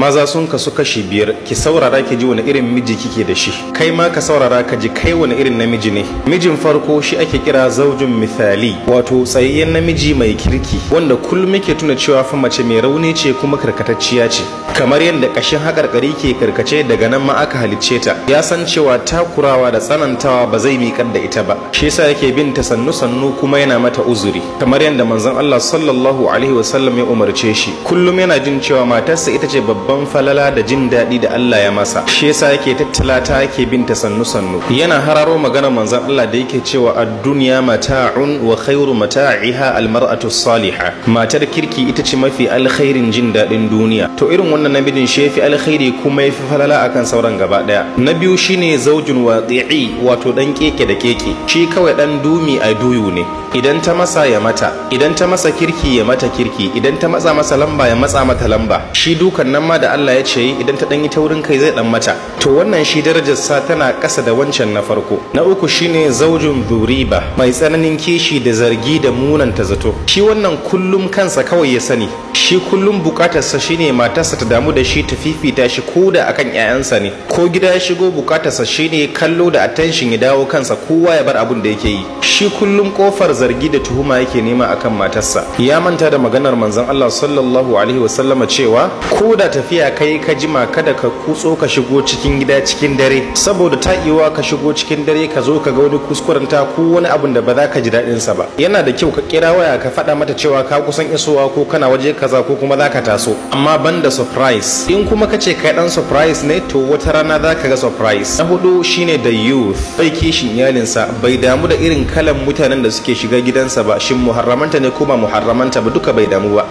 maza sun kasu kashi biyar ki saurara ki ji wani irin miji kike da shi kai ma ka saurara ka ji kai wani irin namiji ne mijin farko shi ake kira zaujin misali wato tsayayyen namiji mai kirki wanda kullum yake tuna cewa fa mace mai rauni ce kuma karkatacciya ce kamar yadda kashin haƙarƙari ke karkace daga nan ma aka halicce ta ya san cewa takurawa da tsanantawa ba zai miƙar da ita ba shi yasa yake bin ta sannu sannu kuma yana mata uzuri kamar yadda manzon Allah sallallahu alaihi wasallam ya umarce shi kullum yana jin cewa matarsa ita ce babba babban falala da jin daɗi da Allah ya masa shi yasa yake tattala ta yake binta sannu sannu yana hararo magana manzon Allah da yake cewa ad-dunya mata'un wa khairu mata'iha al-mar'atu salihah matar kirki ita ce mafi alkhairin jin daɗin duniya to irin wannan namijin shi yafi alkhairi kuma yafi falala akan sauran gaba daya na biyu shine zaujun wati'i wato dan keke da keke shi kawai dan dumi a duyu ne idan ta masa ya mata idan ta masa kirki ya mata kirki idan ta matsa masa lamba ya matsa mata lamba shi dukan nan ma da Allah ya ce idan ta dan yi wurin kai zai dan mata to wannan shi darajar sa tana kasa da wancan na farko na uku shine zaujin zuriba mai tsananin kishi da zargi da munan ta zato shi wannan kullum kansa kawai ya sani shi kullum sa shine matarsa ta damu da shi ta fifita shi ko da akan 'ya'yansa ne ko gida ya shigo bukatarsa shine kallo da attention ya dawo kansa kowa ya bar abun da yake yi shi kullum kofar zargi da tuhuma yake nema akan matarsa ya manta da maganar manzon Allah sallallahu alaihi wasallama cewa ko da tafiya kai ka jima kada ka kutso ka shigo cikin gida cikin dare saboda ta iwa ka shigo cikin dare ka zo ka ga wani kuskuren ta ko wani abun da ba za ka ji daɗin sa ba yana da kyau ka kira waya ka faɗa mata cewa ka kusan isowa ko kana waje kaza ko kuma za ka taso amma banda surprise in kuma ka ce kai dan surprise ne to wata rana za ka ga surprise na hudu shine da youth bai kishin iyalinsa bai damu da irin kalan mutanen da suke shiga. shiga gidansa ba shin muharramanta ne ko ba muharramanta ba duka bai damu ba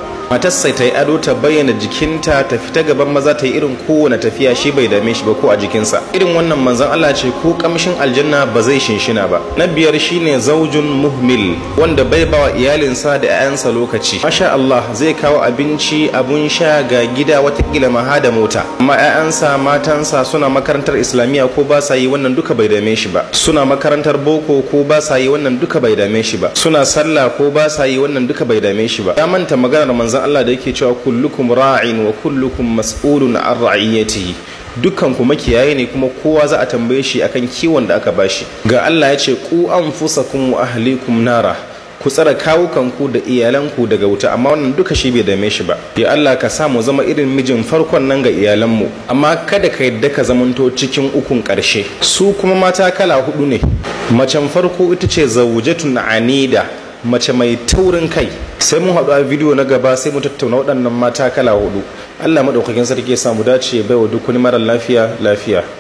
sai ta yi ado ta bayyana jikinta ta fita gaban maza ta yi irin kowane tafiya shi bai dame shi ba ko a jikinsa irin wannan manzon Allah ce ko kamshin aljanna ba zai shinshina ba na biyar shine zaujun muhmil wanda bai ba bawa iyalinsa da 'ya'yansa lokaci masha Allah zai kawo abinci abun sha ga gida watakila maha da mota amma 'ya'yansa matansa suna makarantar islamiyya ko ba sa yi wannan duka bai dame shi ba suna makarantar boko ko ba sa yi wannan duka bai dame shi ba suna sallah ko ba sa yi wannan duka bai dame shi ba ya manta maganar manzon manzon Allah da yake cewa kullukum ra'in wa kullukum mas'ulun an ra'iyatihi dukkan ku makiyaye ne kuma kowa za a tambaye shi akan kiwon da aka bashi ga Allah ya ce ku anfusakum wa ahlikum nara ku tsara kawukanku da iyalanku daga wuta amma wannan duka shi bai dame shi ba ya Allah ka sa mu zama irin mijin farkon nan ga iyalan mu amma kada ka yadda ka zamanto cikin ukun karshe su kuma mata kala hudu ne macen farko ita ce zawjatun anida mace mai taurin kai sai mun haɗu a bidiyo na gaba sai mu tattauna waɗannan mata kala hudu allah maɗaukakin sarki ya samu dace ya baiwa duk wani marar lafiya lafiya